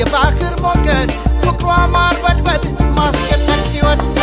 የባህር ሞገድ ፍቅሯ ማርበድበድ ማስቀጠል ሲወዳ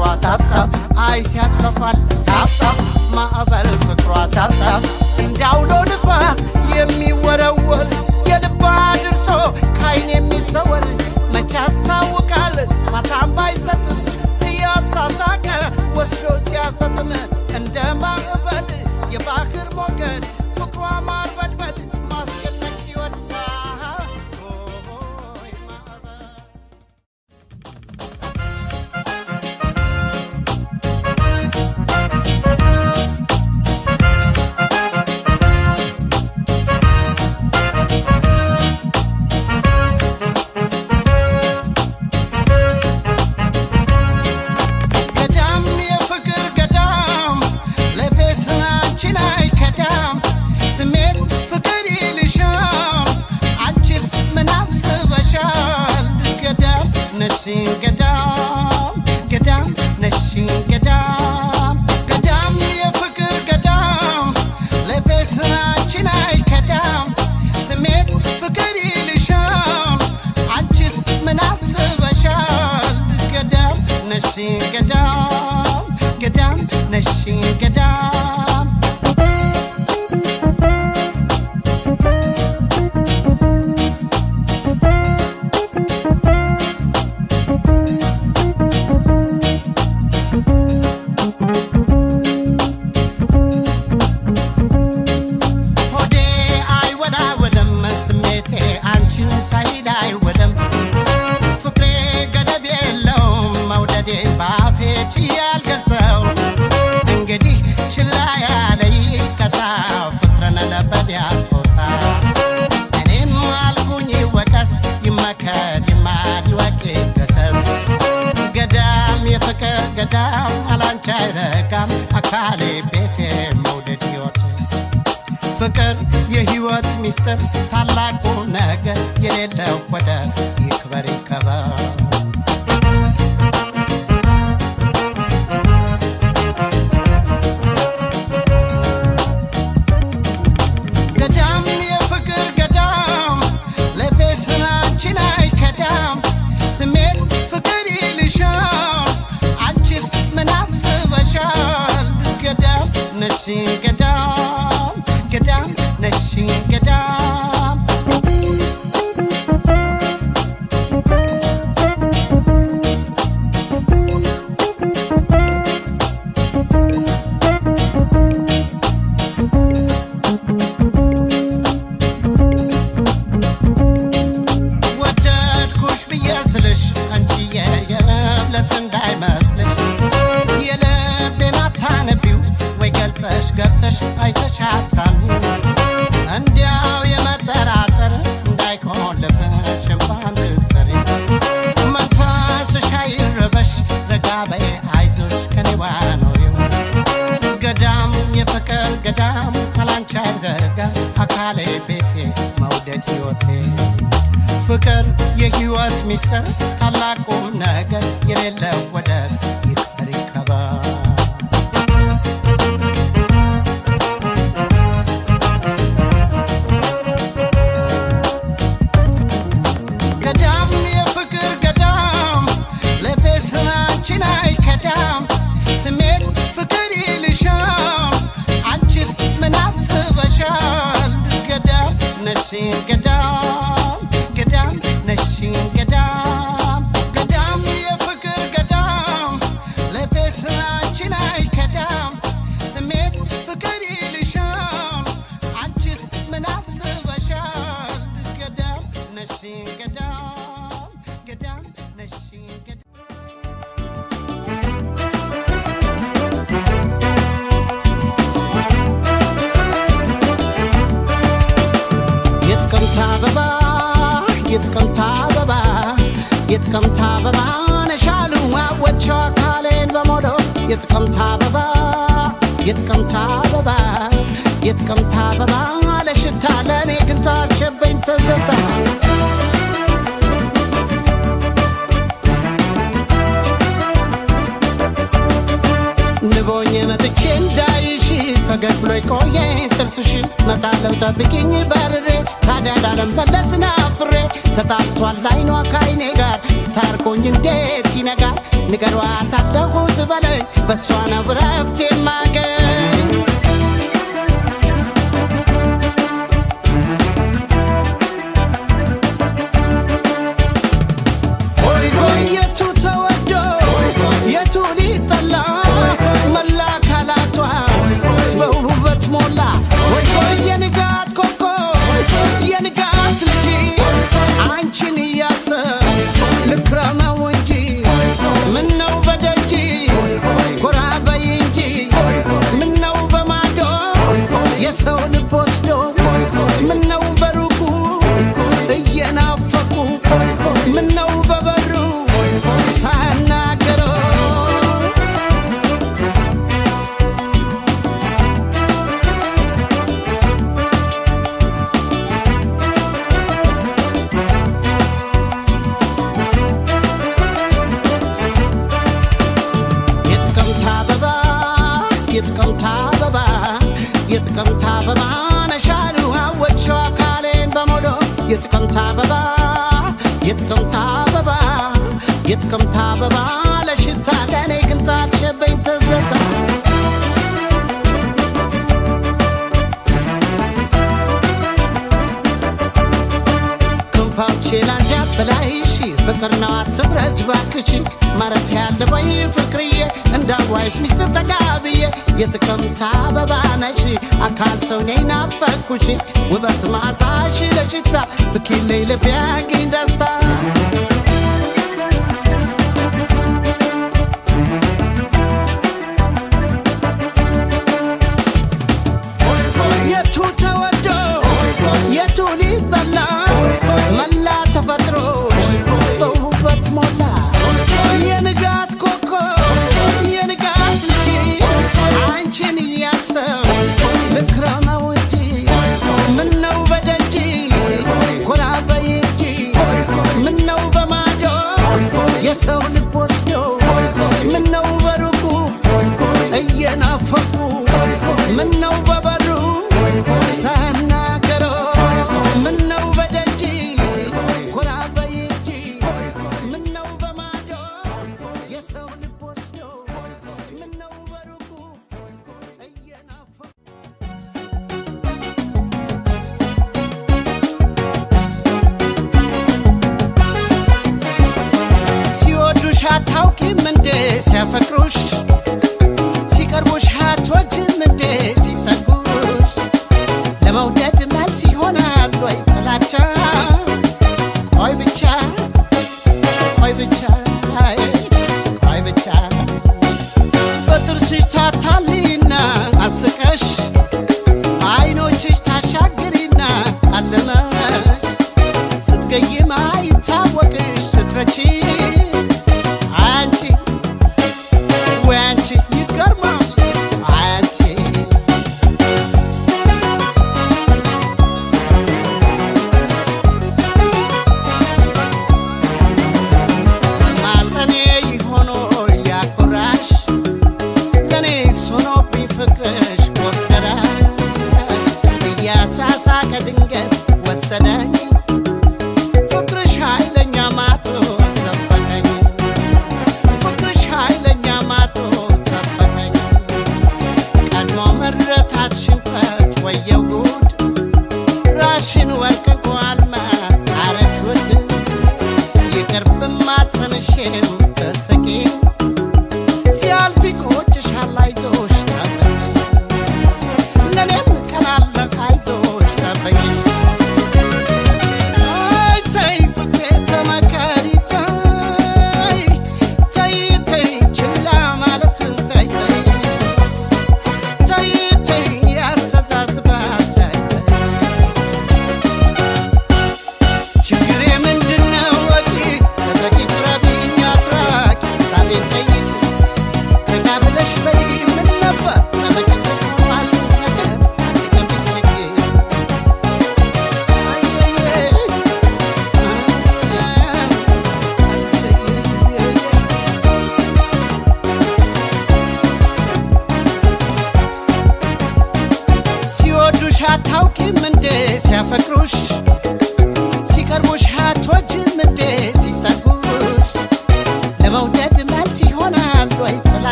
ፍቅሯ ሳብሳብ አይ ሲያስለፋል ሳብሳብ ማዕበል ፍቅሯ ሳብሳብ እንዳውሎ ንፋስ የሚወረወል የልባ ድርሶ ካይን የሚሰወል መቼ ያስታውቃል ማታም ባይሰጥም እያሳሳቀ ወስዶ ሲያሰጥም እንደ ማዕበል የባህር ሞገድ ፍቅሯ ማርበ አፌ ችዬ እንግዲህ ችላ ያለ ይቀጣ ፍቅርን ለበድ ያስቆጣ እኔም አልኩኝ ይመከር ይማር ይወቅ ይገሰጽ ገዳም የፍቅር ገዳም አላንቺ አይረጋም አካሌ ቤቴ መውደድ ይወት ፍቅር የህይወት ሚስጥር ታላቁ ነገር የሌለው ወደ ይክበር ይከበር that if there የጥቅምት አበባ የጥቅምት አበባ ነሻሉ ማወቸው አካሌን በሞዶ የጥቅምት አበባ የጥቅምት አበባ የጥቅምት አበባ ለሽታ ለእኔ ግን ታልሸበኝ ተዘታ ንቦኝ መጥቼ እንዳ ፈገግ ብሎ ቆየ ጥርስሽን መጣለው ጠብቂኝ በርሬ ታዲያ በለስና ፍሬ ተጣብቷል አይኗ ካይኔ ጋር ስታርቆኝ እንዴት ይነጋል ንገሯ ታለሁት በለኝ በእሷ ነው ረፍቴ ማገኝ yet come ta ba ba yet come ta ba ba yet come ta ba ba ባክች ማረፍ ያለበይ ፍቅርዬ እንዳዋይሽ ሚስት ተጋብዬ የጥቅምት አበባ ነሽ አካል ሰው ነይ ናፈኩሽ ውበት ማታሽ ለሽታ ፍኪለይ ልቤ ያግኝ ደስታ መውደድ መልስ ይሆናል ወይ ጥላቻ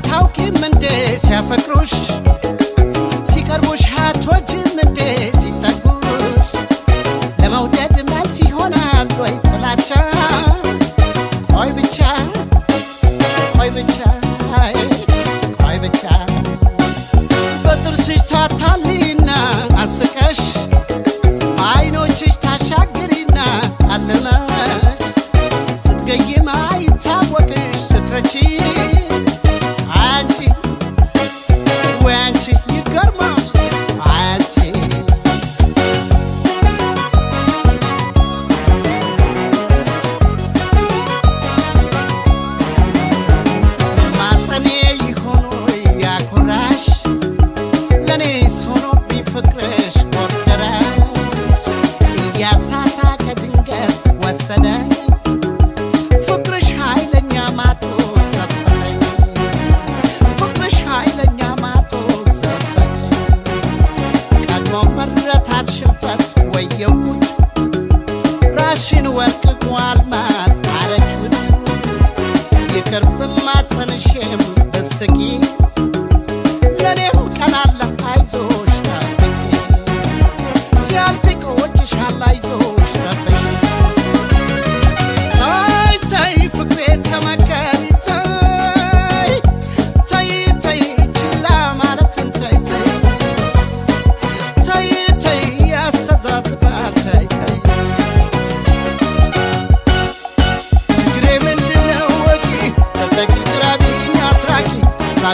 አታውቂም እንዴ ሲያፈቅሩሽ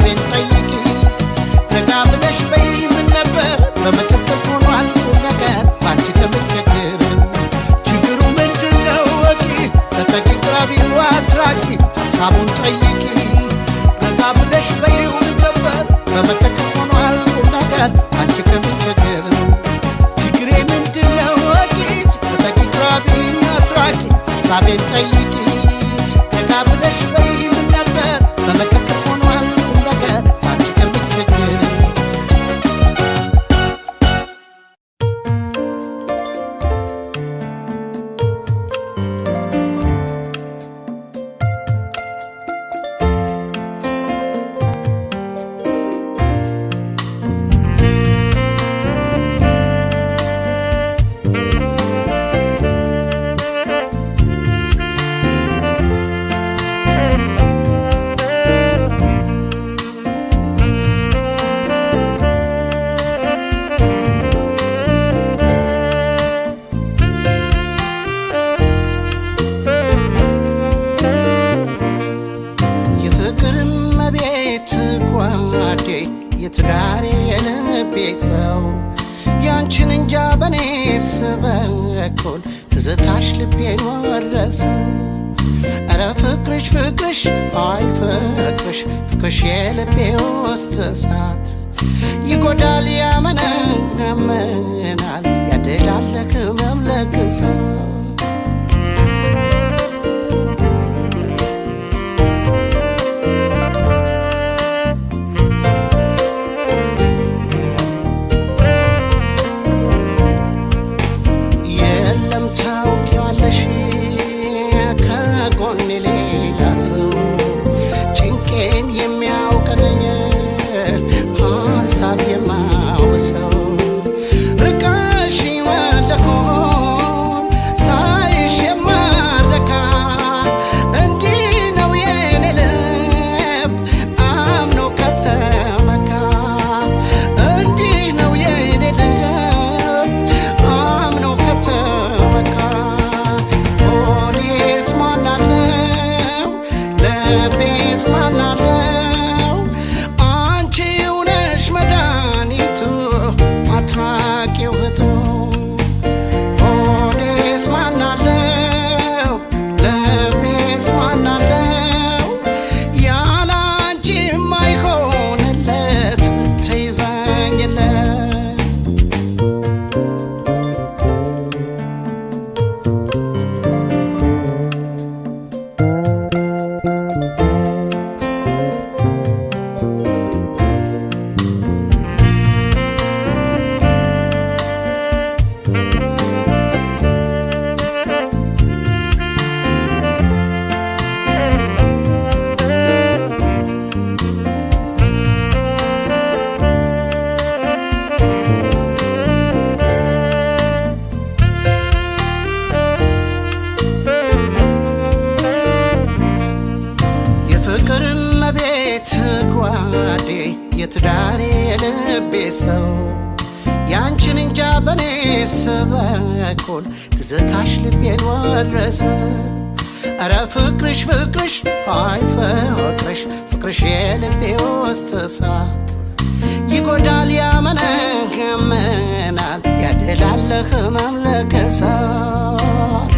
mean. እሳት ይጎዳል ያመነመን የቤት ጓዴ የትዳሬ ልቤ ሰው ያንቺን እንጃ በኔ ስበኩል ትዝታሽ ልቤን ወረሰ። እረ ፍቅርሽ ፍቅርሽ አይ ፍቅርሽ ፍቅርሽ የልቤ ውስጥ እሳት ይጎዳል ያመነህምናል ያደላለህ መምለከሳት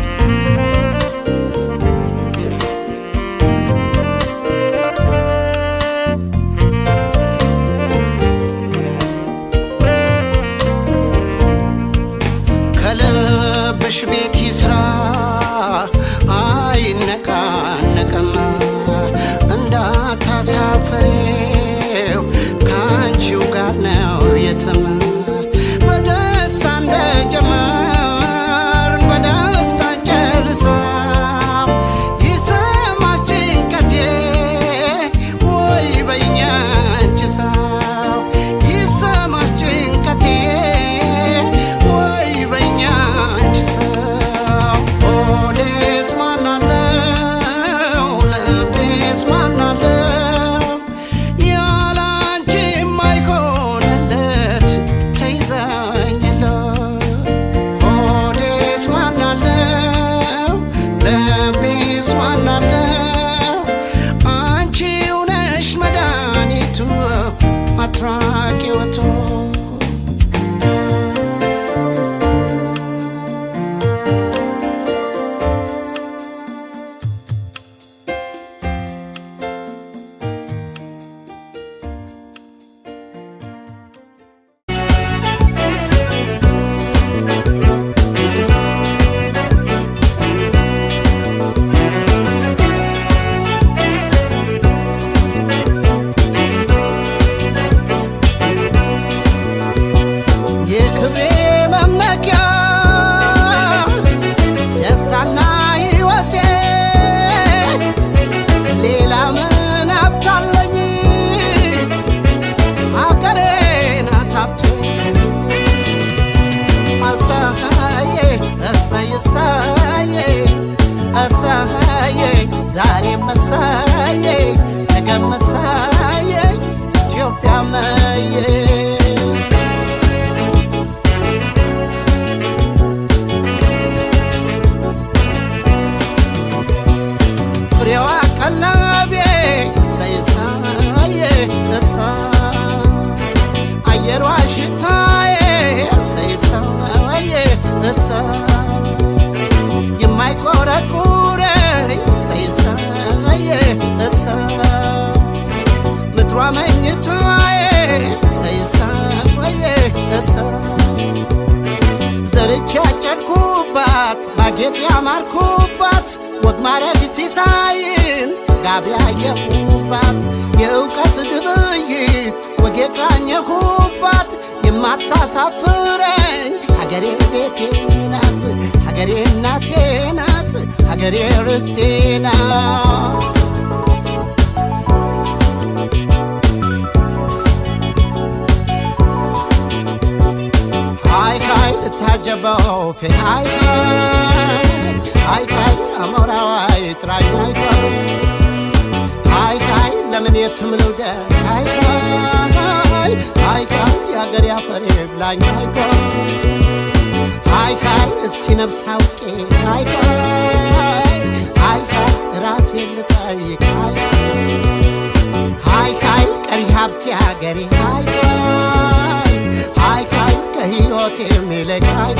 አገሬ ርስቴ ናት። ሃይ ልታጀበው ፌ ሃይ ሃይ ሃይ አሞራዋይ ጥራይ ሃይ ሃይ ሃይ ለምን የትም ልውደቅ ሃይ ሃይ ሃይ ሃይ የአገሬ አፈር ይብላኝ ሃይ እስቲ ነብስ አውቄ ሃይ ሃይ ልጠይቃል ሀይ ሀይ ቀሪ ሀብቴ ሀገሬ ሀይ ሀይ ሀይ ሀይ ከህይወቴ የሚለቃል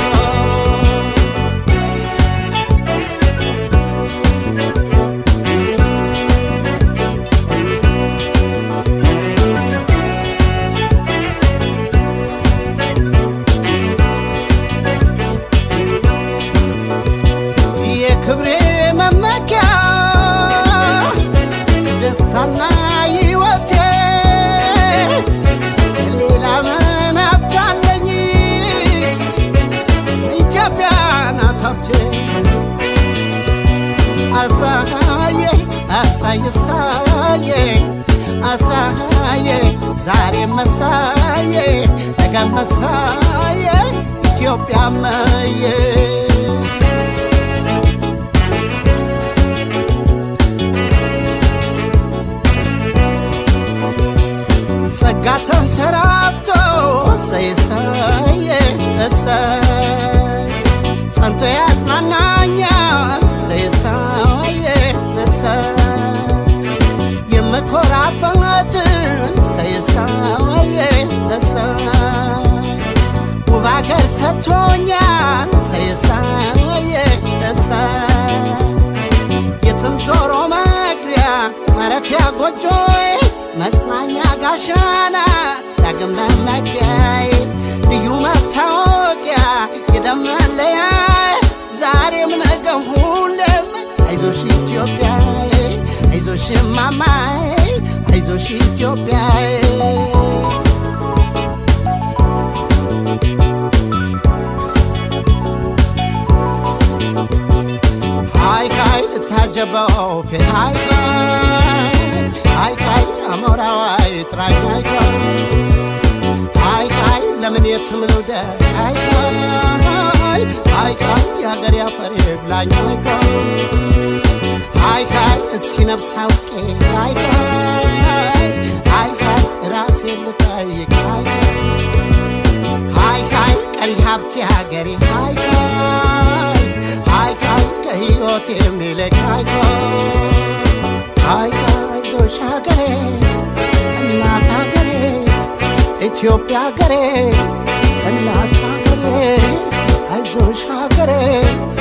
i not. መመኪያ ጎጆዬ መጽናኛ ጋሻና ዳግም መመኪያዬ ልዩ መታወቂያ የደም መለያዬ ዛሬም ነገም ሁሌም አይዞሽ ኢትዮጵያዬ አይዞሽ ማማዬ አይዞሽ ኢትዮጵያዬ Jabal, Ferrari. አይታይ አሞራዋይ ጥራቻይ አይታይ ለምን የትም ልውደ አይታይ አይታይ የሀገር ያፈር ብላኝ አይታይ እስቲ ነፍስ አውቄ አይታይ አይታይ ራሴ ልጠይቅ አይታይ ቀሪ ሀብቴ ሀገሬ አይታይ አይታይ ከህይወቴ የሚለቅ አይታይ थियो प्या करे अल्लाह करे हजू शाह करे